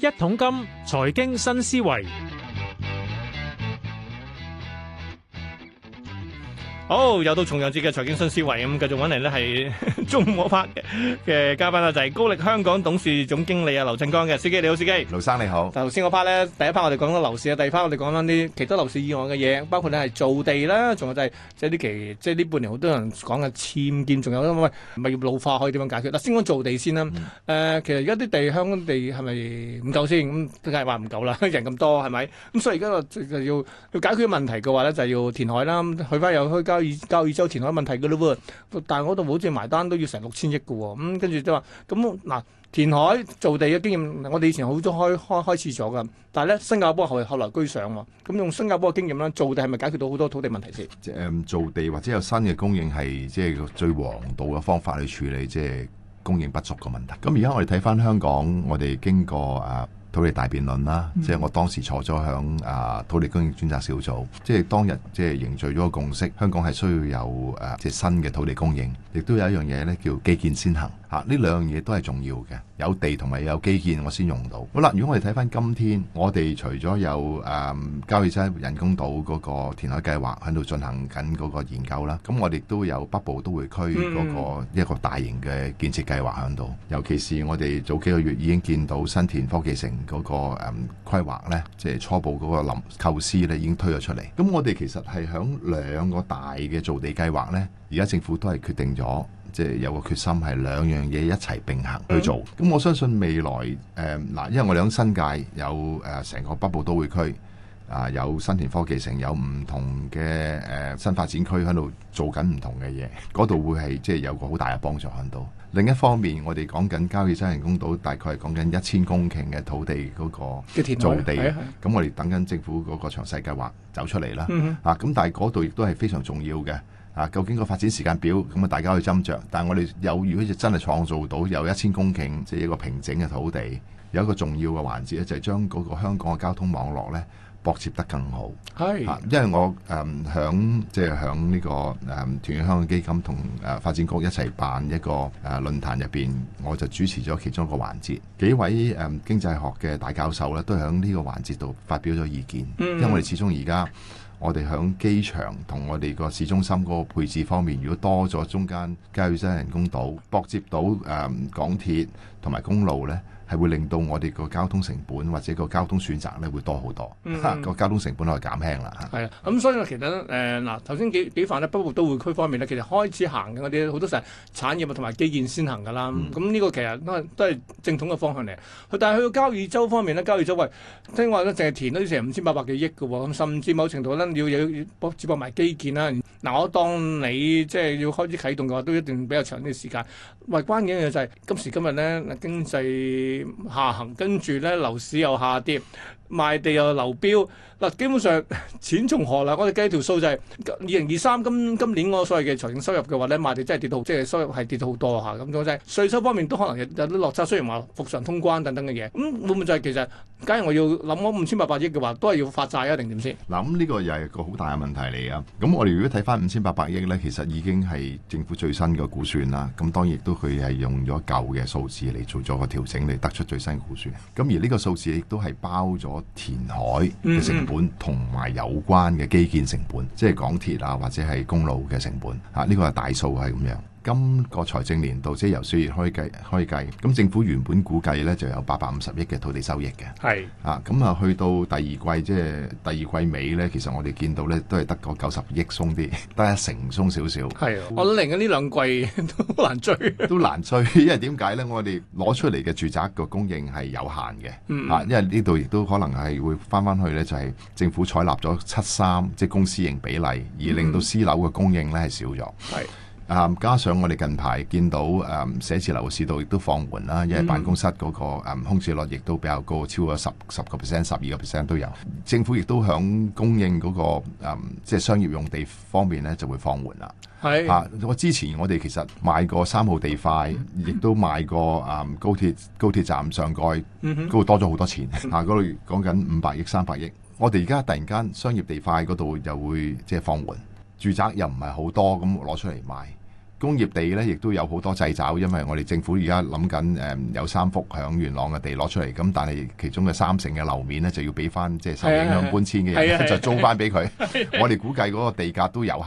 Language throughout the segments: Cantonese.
一桶金，財經新思維。好，又到重陽節嘅財經新思維咁，繼續揾嚟呢係中午嗰 part 嘅嘉賓啦，就係高力香港董事總經理啊，劉振江嘅。司機你好，司機。劉生你好。頭先嗰 part 咧，第一 part 我哋講咗樓市啊，第二 part 我哋講翻啲其他樓市以外嘅嘢，包括咧係造地啦，仲有就係、是、即係呢期，即係呢半年好多人講嘅僭建，仲有咧物業老化可以點樣解決？嗱，先講造地先啦。誒、嗯呃，其實而家啲地，香港地係咪唔夠先？咁梗係話唔夠啦，人咁多係咪？咁、嗯、所以而家就就要要解決問題嘅話呢，就係要填海啦，去翻有交椅洲填海問題嘅咯喎，但係嗰度好似埋單都要成六千億嘅喎，咁跟住即係話咁嗱，填海造地嘅經驗，我哋以前好早開開開始咗嘅，但係咧新加坡後來後來居上喎，咁用新加坡嘅經驗咧造地係咪解決到好多土地問題先？誒、嗯，造地或者有新嘅供應係即係最黃道嘅方法去處理，即係供應不足嘅問題。咁而家我哋睇翻香港，我哋經過啊。土地大辯論啦，即係我當時坐咗響啊土地供應專責小組，即係當日即係凝聚咗個共識，香港係需要有誒即係新嘅土地供應，亦都有一樣嘢咧叫基建先行。嚇、啊！呢兩樣嘢都係重要嘅，有地同埋有基建，我先用到。好啦，如果我哋睇返今天，我哋除咗有誒、嗯、交椅洲人工島嗰個填海計劃喺度進行緊嗰個研究啦，咁我哋亦都有北部都會區嗰個一個大型嘅建設計劃喺度、嗯。尤其是我哋早幾個月已經見到新田科技城嗰、那個誒、嗯、規劃呢，即、就、係、是、初步嗰個林構思呢已經推咗出嚟。咁我哋其實係響兩個大嘅造地計劃呢，而家政府都係決定咗。即、就、係、是、有個決心係兩樣嘢一齊並行去做、嗯，咁我相信未來誒嗱、呃，因為我哋喺新界有誒成個北部都會區啊、呃，有新田科技城，有唔同嘅誒、呃、新發展區喺度做緊唔同嘅嘢，嗰度會係即係有個好大嘅幫助喺度。另一方面，我哋講緊交椅洲人工島，大概係講緊一千公頃嘅土地嗰個造地，咁我哋等緊政府嗰個詳細計劃走出嚟啦、嗯。啊，咁但係嗰度亦都係非常重要嘅。啊，究竟個發展時間表咁啊，大家去斟酌。但係我哋有，如果真係創造到有一千公頃，即係一個平整嘅土地，有一個重要嘅環節咧，就係將嗰個香港嘅交通網絡咧，駁接得更好。係。因為我誒響即係響呢個誒、嗯、團香港基金同誒發展局一齊辦一個誒、啊、論壇入邊，我就主持咗其中一個環節。幾位誒、嗯、經濟學嘅大教授咧，都喺呢個環節度發表咗意見。因為我哋始終而家。我哋響機場同我哋個市中心嗰個配置方面，如果多咗中間交椅洲人工島，駁接到誒港鐵同埋公路咧。係會令到我哋個交通成本或者個交通選擇咧會多好多、嗯，個、嗯、 交通成本可以減輕啦。係啊，咁所以其實誒嗱，頭、呃、先幾幾範咧，北部都會區方面呢，其實開始行緊嗰啲好多時係產業同埋基建先行㗎啦。咁、嗯、呢個其實都係都係正統嘅方向嚟。但係去到交椅洲方面呢，交椅洲喂、哎，聽話咧淨係填咗成五千八百幾億嘅喎、哦，咁甚至某程度咧要有接駁埋基建啦、啊。嗱，我當你即係、就是、要開始啟動嘅話，都一定比較長啲時間。唯關鍵嘅就係今時今日呢經濟下行，跟住咧，樓市又下跌。賣地又流標，嗱基本上錢從何嚟？我哋計條數就係二零二三今今年我所謂嘅財政收入嘅話咧，賣地真係跌到，即係收入係跌到好多嚇咁。咁即係稅收方面都可能有啲落差。雖然話復常通關等等嘅嘢，咁會唔會就係其實假如我要諗我五千八百億嘅話，都係要發債啊，定點先？嗱，咁呢個又係一個好大嘅問題嚟啊！咁我哋如果睇翻五千八百億咧，其實已經係政府最新嘅估算啦。咁當然亦都佢係用咗舊嘅數字嚟做咗個調整嚟得出最新嘅估算。咁而呢個數字亦都係包咗。填海嘅成本同埋有關嘅基建成本，即係港鐵啊，或者係公路嘅成本，吓，呢個係大數係咁樣。今個財政年度即係、就是、由四月開計開計，咁政府原本估計呢就有八百五十億嘅土地收益嘅。係啊，咁、嗯、啊去到第二季即係、就是、第二季尾呢，其實我哋見到呢都係得個九十億鬆啲，得一成鬆少少。係、嗯，我諗嚟緊呢兩季都難追，都難追，因為點解呢？我哋攞出嚟嘅住宅個供應係有限嘅、嗯，啊，因為呢度亦都可能係會翻翻去呢，就係、是、政府採納咗七三即係公私型比例，而令到私樓嘅供應呢係少咗。係。啊、嗯！加上我哋近排見到誒、嗯、寫字樓市道亦都放緩啦，因為辦公室嗰、那個、嗯嗯、空置率亦都比較高，超過十十個 percent、十二個 percent 都有。政府亦都響供應嗰、那個即係、嗯就是、商業用地方面咧就會放緩啦。係啊！我之前我哋其實賣過三號地塊，亦都賣過啊、嗯、 高鐵高鐵站上蓋，嗰度多咗好多錢嚇，嗰、啊、度講緊五百億、三百億。我哋而家突然間商業地塊嗰度就會即係放緩，住宅又唔係好多咁攞出嚟賣。工業地咧，亦都有好多掣肘，因為我哋政府而家諗緊誒有三幅響元朗嘅地攞出嚟，咁但係其中嘅三成嘅樓面咧就要俾翻，即係受影響搬遷嘅人是是是是是就租翻俾佢。是是是我哋估計嗰個地價都有限。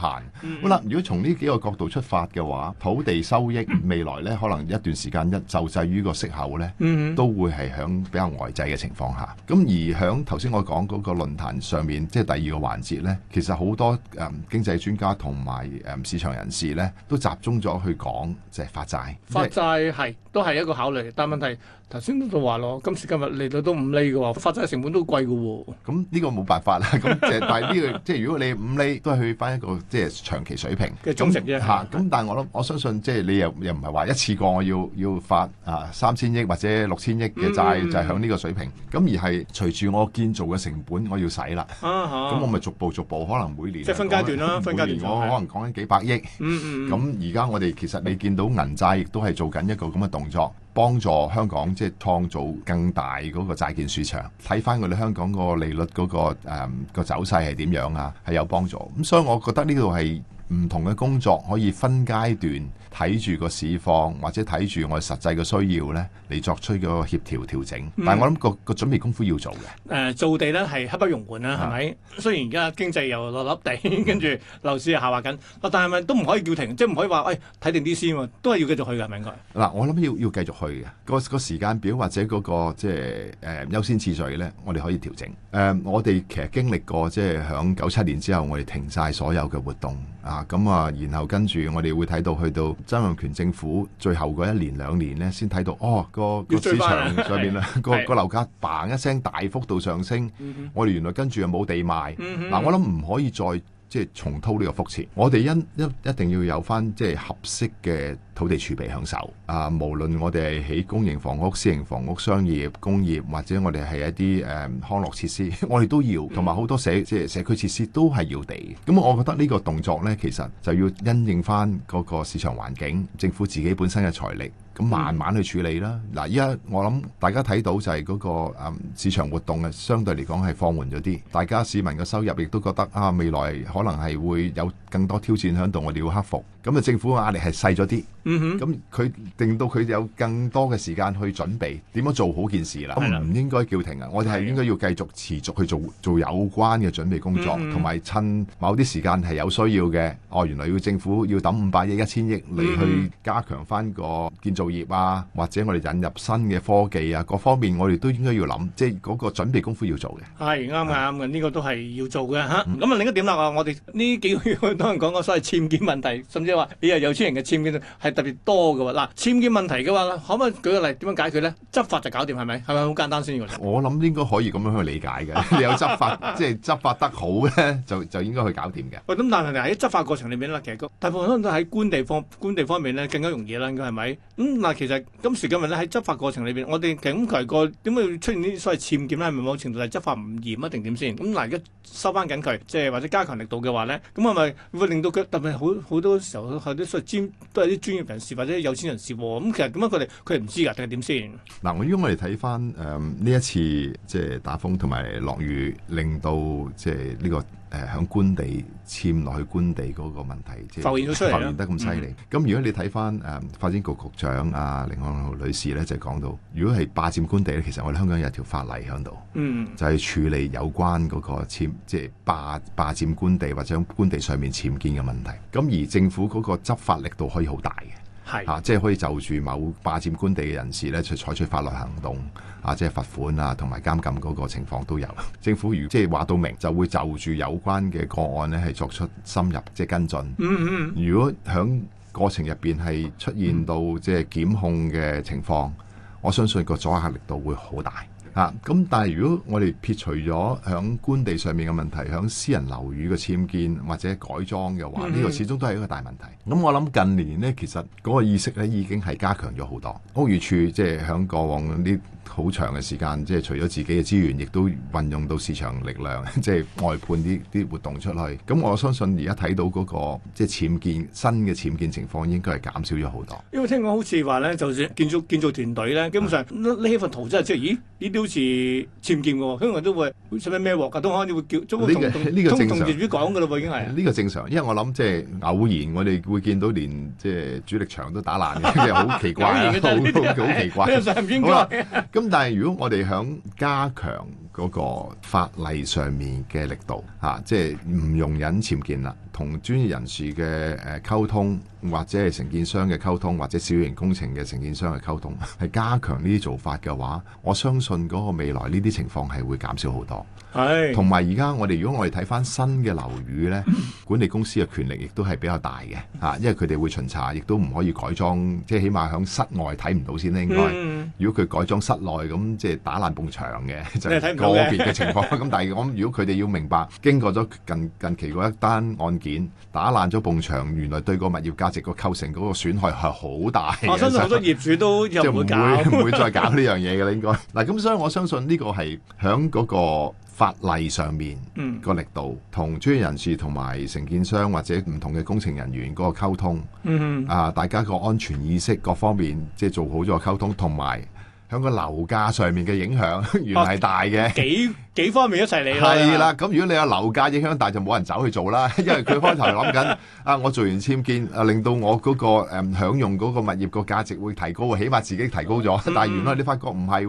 好啦，如果從呢幾個角度出發嘅話，土地收益未來咧可能一段時間一就制於個息口咧，都會係響比較外滯嘅情況下。咁而響頭先我講嗰個論壇上面，即、就、係、是、第二個環節咧，其實好多誒、嗯、經濟專家同埋誒市場人士咧都集。中咗去講就係、是、發債，發債係都係一個考慮，但問題頭先都話咯，今時今日嚟到都五厘嘅話，發債成本都貴嘅喎、哦。咁呢個冇辦法啦。咁 但係呢、這個即係如果你五厘都係去翻一個即係長期水平嘅總成啫。咁但係我諗我相信即係你又又唔係話一次過我要要發啊三千億或者六千億嘅債，嗯嗯嗯就喺、是、呢個水平，咁而係隨住我建造嘅成本我要使啦。咁、啊、我咪逐步逐步可能每年即係分階段啦、啊。每年分段、就是、我可能講緊幾百億。咁、嗯嗯嗯、而而家我哋其實你見到銀債亦都係做緊一個咁嘅動作，幫助香港即係創造更大嗰個債券市場。睇翻我哋香港個利率嗰個誒個走勢係點樣啊？係有幫助，咁所以我覺得呢度係。唔同嘅工作可以分階段睇住個市況，或者睇住我實際嘅需要咧，嚟作出個協調調整、嗯。但係我諗個個準備功夫要做嘅、嗯。誒，造地咧係刻不容緩啦，係咪、嗯？雖然而家經濟又落笠地，跟、嗯、住樓市又下滑緊，但係咪都唔可以叫停，即係唔可以話誒睇定啲先喎，都係要繼續去嘅，咪應該。嗱、嗯，我諗要要繼續去嘅。個個時間表或者嗰、那個即係誒優先次序咧，我哋可以調整。誒、呃，我哋其實經歷過即係響九七年之後，我哋停晒所有嘅活動啊。呃咁啊，然後跟住我哋會睇到去到曾蔭權政府最後嗰一年兩年呢，先睇到哦個個市場上面啦， 個樓價嘭一聲大幅度上升。嗯、我哋原來跟住又冇地賣。嗱、嗯啊，我諗唔可以再即係重蹈呢個覆轍。我哋因一一定要有返即係合適嘅土地儲備享受啊！無論我哋係起公營房屋、私營房屋、商業、工業，或者我哋係一啲誒康樂設施，我哋都要，同埋好多社即係社區設施都係要地。咁我覺得呢個動作呢，其實就要因應返嗰個市場環境，政府自己本身嘅財力，咁慢慢去處理啦。嗱，依家我諗大家睇到就係嗰個誒市場活動啊，相對嚟講係放緩咗啲。大家市民嘅收入亦都覺得啊，未來可能係會有更多挑戰喺度，我哋要克服。咁啊，政府嘅壓力係細咗啲，咁、嗯、佢令到佢哋有更多嘅時間去準備點樣做好件事啦。唔應該叫停啊！我哋係應該要繼續持續去做的做有關嘅準備工作，同、嗯、埋趁某啲時間係有需要嘅。哦，原來要政府要抌五百億一千億嚟去加強翻個建造業啊，或者我哋引入新嘅科技啊，各方面我哋都應該要諗即係嗰個準備功夫要做嘅。係啱嘅，啱嘅，呢、這個都係要做嘅吓，咁、嗯、啊，那另一個點啦，我哋呢幾個月都多人講講所謂僭建問題。甚至你話你啊，有錢人嘅僭建係特別多嘅喎。嗱，僭建問題嘅話，可唔可以舉個例子？點樣解決咧？執法就搞掂係咪？係咪好簡單先我諗應該可以咁樣去理解嘅。 你有執法，即、就、係、是、執法得好咧， 就就應該去搞掂嘅。喂、嗯，咁但嗱喺執法過程裏邊咧，其實大部分都喺官地方官地方，方面咧更加容易啦。應係咪？咁、嗯、嗱，其實今時今日咧喺執法過程裏邊，我哋警隊個點會出現呢啲所謂僭建咧？係某程度係執法唔嚴啊，定點先？咁嗱，而家收翻緊佢，即係或者加強力度嘅話咧，咁係咪會令到佢特別好好多時候？係啲術專，都係啲專業人士或者有錢人士喎。咁其實點樣佢哋佢哋唔知㗎？定係點先？嗱，我如果我哋睇翻誒呢一次，即係、就是、打風同埋落雨，令到即係呢個。誒、呃、喺官地佔落去官地嗰個問題，即係浮現得咁犀利。咁、嗯、如果你睇翻誒發展局局長啊甯漢豪女士咧，就是、講到，如果係霸佔官地咧，其實我哋香港有條法例喺度、嗯，就係、是、處理有關嗰個即係、就是、霸霸佔官地或者官地上面僭建嘅問題。咁而政府嗰個執法力度可以好大嘅。啊，即係可以就住某霸佔官地嘅人士咧，去採取法律行動啊，即係罰款啊，同埋監禁嗰個情況都有。政府如即係話到明，就會就住有關嘅個案咧，係作出深入即係跟進。嗯嗯，如果響過程入邊係出現到即係檢控嘅情況、嗯，我相信個阻嚇力度會好大。咁、啊、但係如果我哋撇除咗喺官地上面嘅問題，喺私人樓宇嘅僭建或者改裝嘅話，呢、mm -hmm. 個始終都係一個大問題。咁我諗近年呢，其實嗰個意識咧已經係加強咗好多。屋宇署即係喺過往啲。好長嘅時間，即係除咗自己嘅資源，亦都運用到市場力量，即係外判啲啲活動出去。咁我相信而家睇到嗰、嗰個即係僭建新嘅僭建情況，應該係減少咗好多。因為聽講好似話咧，就算建造建造團隊咧，基本上呢呢、嗯、份圖真係即係，咦？呢啲好似僭建喎，香港人都會使乜孭鑊㗎，都開始會叫中控中控業主講㗎咯，已經係。呢、這個正常，因為我諗即係偶然，我哋會見到連即係主力牆都打爛嘅，好 奇怪，好 奇怪，唔應該。 咁但係如果我哋想加強嗰個法例上面嘅力度，即係唔容忍僭建啦，同專業人士嘅溝通，或者係承建商嘅溝通，或者小型工程嘅承建商嘅溝通，係加強呢啲做法嘅話，我相信嗰個未來呢啲情況係會減少好多。係。同埋而家我哋如果我哋睇翻新嘅樓宇咧，管理公司嘅權力亦都係比較大嘅嚇，因為佢哋會巡查，亦都唔可以改裝，即係起碼響室外睇唔到先啦。應該。嗯、如果佢改裝室內咁，即係打爛埲牆嘅，就係、個別嘅情況。咁 但係我諗，如果佢哋要明白經過咗近近期嗰一單案件打爛咗埲牆，原來對個物業價。直個構成嗰個損害係好大嘅，我、啊、相信好多業主都有係唔會唔會， 會再搞呢樣嘢嘅咧。應該嗱咁，所以我相信呢個係響嗰個法例上面個力度，同專業人士同埋承建商或者唔同嘅工程人員嗰個溝通、嗯，啊，大家個安全意識各方面即係、就是、做好咗溝通，同埋。喺個樓價上面嘅影響原來係大嘅、啊，幾幾方面一齊嚟、啊。係啦，咁如果你有樓價影響大，就冇人走去做啦，因為佢開頭諗緊啊，我做完僭建，啊令到我嗰、那個、嗯、享用嗰個物業個價值會提高，起碼自己提高咗。但原來你發覺唔係，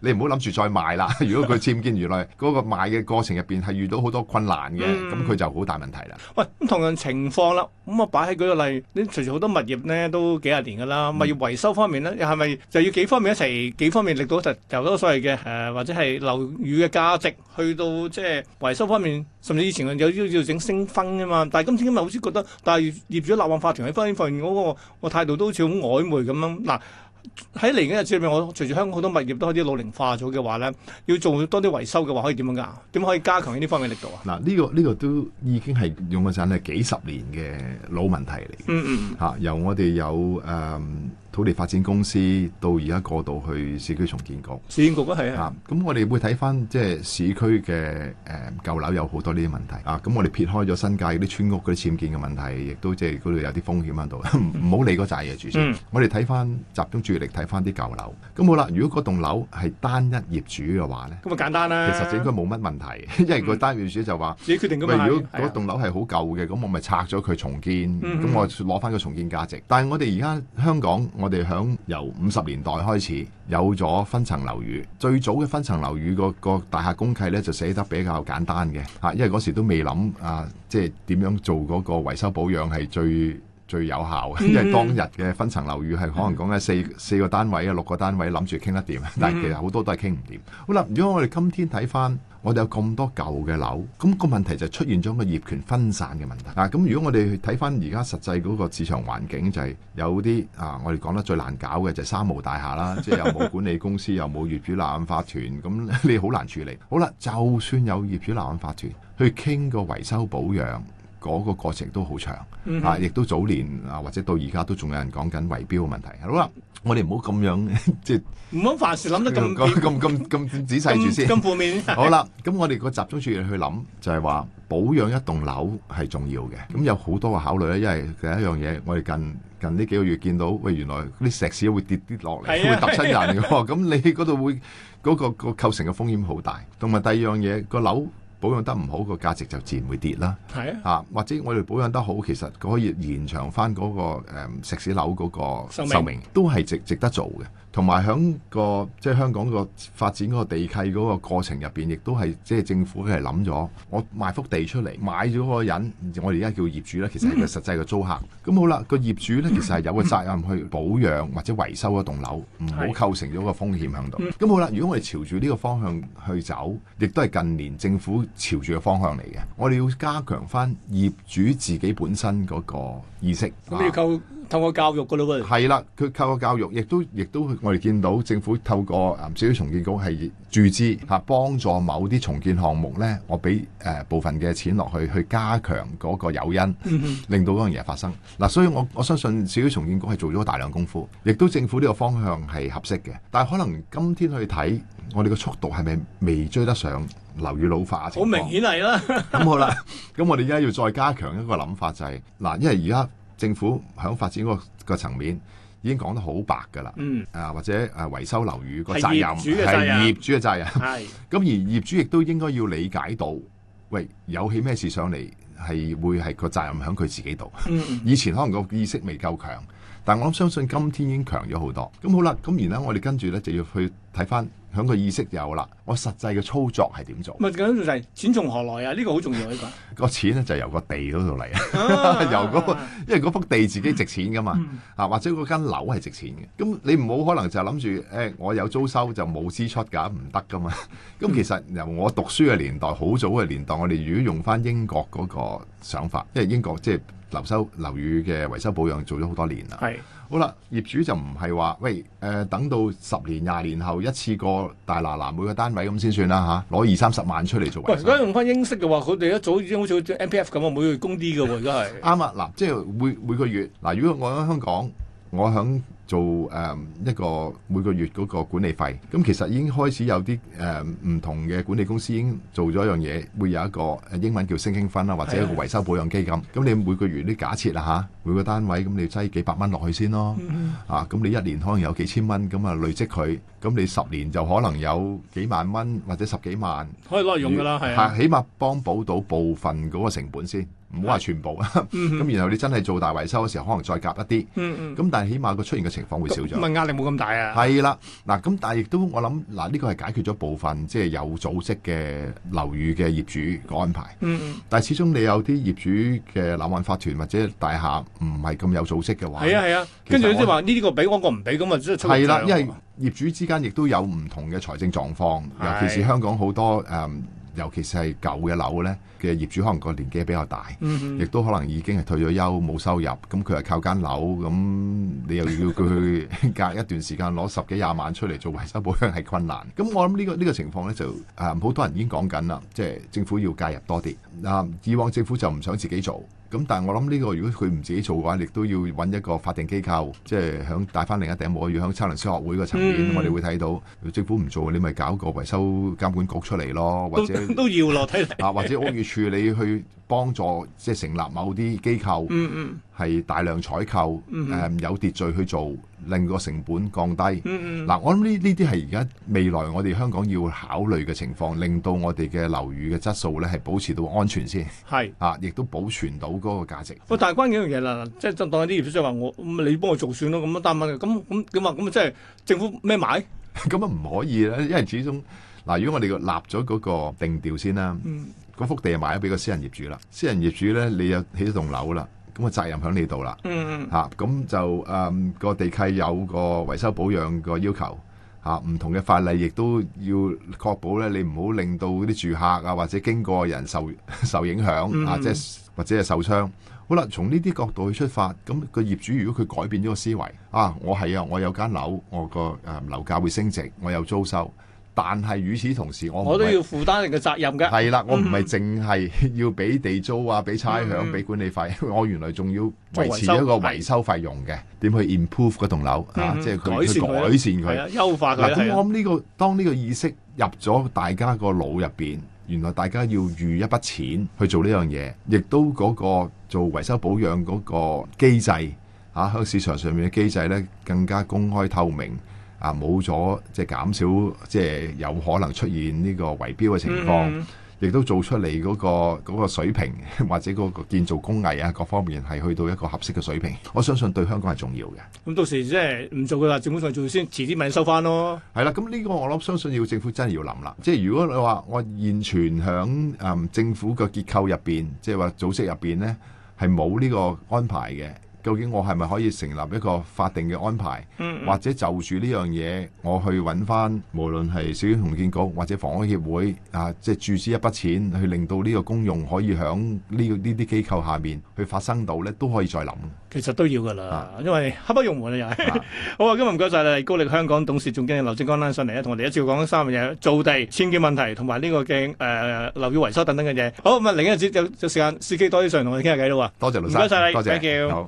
你唔好諗住再賣啦。如果佢僭建，原來嗰個賣嘅過程入邊係遇到好多困難嘅，咁 佢、嗯、就好大問題啦。喂，咁同樣情況啦，咁啊擺喺舉個例，你隨住好多物業咧都幾廿年噶啦，物業維修方面咧，係咪就要幾方面一齊？幾方面力度就由多所謂嘅誒，或者係樓宇嘅價值去到即係維修方面，甚至以前有，有要要整升分噶嘛，但係今次今日好似覺得但係業主立案法團喺分份嗰個個態度都好似好曖昧咁樣。嗱喺嚟緊日子入面，我隨住香港好多物業都開始老齡化咗嘅話咧，要做多啲維修嘅話，可以點樣噶？點可以加強呢啲方面力度啊？嗱，呢、這個呢、這個都已經係用個盞係幾十年嘅老問題嚟。嗯嗯，吓、啊、由我哋有誒。嗯土地發展公司到而家過度去市區重建局，市建局都係啊。咁我哋會睇翻即係市區嘅誒、呃、舊樓有好多呢啲問題啊。咁我哋撇開咗新界嗰啲村屋嗰啲僭建嘅問題，亦都即係嗰度有啲風險喺度，唔 好理嗰扎嘢住先、嗯。我哋睇翻集中注意力睇翻啲舊樓。咁好啦，如果嗰棟樓係單一業主嘅話咧，咁啊簡單啦，其實就應該冇乜問題，因為個單一業主就話、嗯、自己決定㗎嘛。如果嗰棟樓係好舊嘅，咁、啊、我咪拆咗佢重建，咁、嗯、我攞翻個重建價值。但係我哋而家香港，我哋響由五十年代開始有咗分層樓宇，最早嘅分層樓宇個大廈公契呢，就寫得比較簡單嘅嚇，因為嗰時都未諗啊，即係點樣做嗰個維修保養係最最有效，因為當日嘅分層樓宇係可能講緊四四個單位啊、六個單位，諗住傾得掂，但係其實好多都係傾唔掂。好啦，如果我哋今天睇翻。我哋有咁多舊嘅樓，咁、那個問題就出現咗個業權分散嘅問題。嗱、啊，咁如果我哋去睇翻而家實際嗰個市場環境，就係、是、有啲啊，我哋講得最難搞嘅就係三無大廈啦，即係又冇管理公司，又 冇業主立案法團，咁你好難處理。好啦，就算有業主立案法團去傾個維修保養。嗰個過程都好長，啊，亦都早年啊，或者到而家都仲有人講緊圍標嘅問題。好啦，我哋唔好咁樣，即係唔好凡事諗得咁咁咁咁仔細住先。好啦，咁我哋個集中注意去諗，就係話保養一棟樓係重要嘅。咁有好多考慮咧，因為第一樣嘢，我哋近近呢幾個月見到，喂，原來啲石屎會跌跌落嚟，會揼親人嘅喎。咁你嗰度會嗰個個構成嘅風險好大，同埋第二樣嘢個樓。保養得唔好，個價值就自然會跌啦。係啊，或者我哋保養得好，其實可以延長翻、那、嗰個誒嗯、石屎樓嗰個壽命，壽命，都係值值得做嘅。同埋喺個即係香港個發展個地契嗰個過程入邊，亦都係即係政府佢係諗咗，我賣幅地出嚟，買咗個人，我哋而家叫業主咧，其實係個實際嘅租客。咁好啦，個業主咧其實係有個責任去保養或者維修嗰棟樓，唔好構成咗個風險喺度。咁好啦，如果我哋朝住呢個方向去走，亦都係近年政府朝住嘅方向嚟嘅。我哋要加強翻業主自己本身嗰個意識。咁要夠。透過教育噶咯噃，係啦，佢透過教育，亦都亦都，都我哋見到政府透過啊，市區重建局係注資嚇、啊、幫助某啲重建項目咧，我俾、呃、部分嘅錢落去，去加強嗰個誘因，令到嗰樣嘢發生。嗱、啊，所以我我相信市區重建局係做咗大量功夫，亦都政府呢個方向係合適嘅。但係可能今天去睇，我哋個速度係咪未追得上樓宇老化嘅情況？好明顯係啦。咁 好啦，咁我哋而家要再加強一個諗法就係、是、嗱、啊，因為而家。政府喺發展嗰個層面已經講得好白㗎啦，啊、嗯、或者誒維修樓宇個責任係業主嘅責任，咁而業主亦都應該要理解到，喂，有起咩事上嚟係會係個責任喺佢自己度、嗯。以前可能個意識未夠強，但我諗相信今天已經強咗好多。咁好啦，咁然之後我哋跟住咧就要去睇翻。響個意識有啦，我實際嘅操作係點做？咪緊要就係、是、錢從何來啊？呢、這個好重要呢、這個。 錢啊 那個錢咧就由個地嗰度嚟，由嗰個，因為嗰幅地自己值錢噶嘛，啊、嗯、或者嗰間樓係值錢嘅。咁、嗯、你唔好可能就諗住誒，我有租收就冇支出㗎，唔得噶嘛。咁其實由我讀書嘅年代，好早嘅年代，我哋如果用翻英國嗰個想法，因為英國即係樓宇樓宇嘅維修保養做咗好多年啦。係。好啦，業主就唔係話，喂、呃，等到十年廿年後一次過大拿拿每個單位咁先算啦嚇，攞、啊、二三十萬出嚟做。喂，如果用翻英式嘅話，佢哋一早已經好似 MPF 咁啊，每個月供啲嘅喎，都係。啱 啊，嗱，即係每每個月，嗱，如果我喺香港，我響。做誒一個每個月嗰個管理費，咁其實已經開始有啲誒唔同嘅管理公司已經做咗一樣嘢，會有一個誒英文叫 sinking fund 啊，或者一個維修保養基金。咁你每個月啲假設啊嚇，每個單位咁你要擠幾百蚊落去先咯。啊、嗯，咁你一年可能有幾千蚊，咁啊累積佢，咁你十年就可能有幾萬蚊或者十幾萬。可以攞嚟用㗎啦，係。嚇，起碼幫補到部分嗰個成本先。唔好話全部啊，咁、嗯、 然後你真係做大維修嘅時候，可能再夾一啲，咁、嗯嗯、但係起碼個出現嘅情況會少咗。咁咪壓力冇咁大啊？係啦，嗱，咁但係亦都我諗嗱，呢個係解決咗部分即係、就是、有組織嘅樓宇嘅業主個安排。嗯嗯、但係始終你有啲業主嘅立案法團或者大廈唔係咁有組織嘅話，係啊係啊，跟住即係話呢個俾我個唔俾咁啊，這個、即係出咗係啦，因為業主之間亦都有唔同嘅財政狀況，尤其是香港好多、嗯尤其是係舊嘅樓呢嘅業主，可能個年紀比較大，亦、mm -hmm. 都可能已經係退咗休冇收入，咁佢係靠間樓，咁你又要佢去隔一段時間攞十幾廿萬出嚟做維修保養係困難。咁我諗呢、呢個呢、呢個情況呢，就誒好、啊、多人已經講緊啦，即、就、係、是、政府要介入多啲。嗱、啊，以往政府就唔想自己做。咁但係我諗呢個如果佢唔自己做嘅話，亦都要揾一個法定機構，即係響帶翻另一頂帽，要喺測量師學會個層面，嗯、我哋會睇到政府唔做，你咪搞個維修監管局出嚟咯，或者都要落睇嚟啊，或者安檢處你去。幫助即係成立某啲機構，係大量採購，誒有秩序去做，令個成本降低。嗱，我諗呢呢啲係而家未來我哋香港要考慮嘅情況，令到我哋嘅樓宇嘅質素咧係保持到安全先。係啊，亦都保存到嗰個價值。喂，但係關鍵一樣嘢啦，即係當啲業主即係話我，你幫我做算咯，咁單蚊嘅，咁咁點話？咁啊，即係政府孭埋？咁啊唔可以啦，因為始終嗱，如果我哋嘅立咗嗰個定調先啦。嗰幅地賣咗俾個私人業主啦，私人業主呢，你又起咗棟樓啦，咁個責任響你度啦，嚇咁就誒個地契有個維修保養個要求，嚇唔同嘅法例亦都要確保呢，你唔好令到啲住客啊或者經過人受受影響啊，即係或者係受傷。好啦，從呢啲角度去出發，咁個業主如果佢改變咗個思維，啊，我係啊，我有間樓，我個誒樓價會升值，我有租收。但係，與此同時，我我都要負擔人嘅責任嘅。係啦，我唔係淨係要俾地租啊，俾差餉，俾、嗯、管理費，我原來仲要維持一個維修費用嘅點去 improve 嗰棟樓啊，即係佢、改善佢、優化佢。咁我諗呢個當呢個意識入咗大家個腦入邊，原來大家要預一筆錢去做呢樣嘢，亦都嗰個做維修保養嗰個機制啊喺市場上面嘅機制呢，更加公開透明。啊！冇咗即係減少，即係有可能出現呢個圍標嘅情況，亦、嗯嗯嗯、都做出嚟嗰、嗰個嗰個水平或者嗰個建造工藝啊各方面係去到一個合適嘅水平。我相信對香港係重要嘅。咁到時即係唔做嘅話，政府上做先，遲啲咪收翻咯。係啦，咁呢個我諗相信要政府真係要諗啦。即係如果你話我完全響啊、嗯、政府嘅結構入邊，即係話組織入邊咧，係冇呢個安排嘅。究竟我係咪可以成立一個法定嘅安排、嗯，或者就住呢樣嘢，我去揾翻，無論係市區重建局或者房屋協會啊，即、就、係、是、注資一筆錢，去令到呢個公用可以響呢、這個呢啲機構下面去發生到呢，都可以再諗。其實都要噶啦、啊，因為刻不容緩啊，又係。好啊，今日唔該晒你，高力香港董事總經理劉振江先上嚟同我哋一齊講三樣嘢：造地、僭建問題同埋呢個嘅誒、呃、樓宇維修等等嘅嘢。好咁啊，另一陣時有時間司機多啲上同我哋傾下偈啦。多謝劉生，唔該曬你，多謝。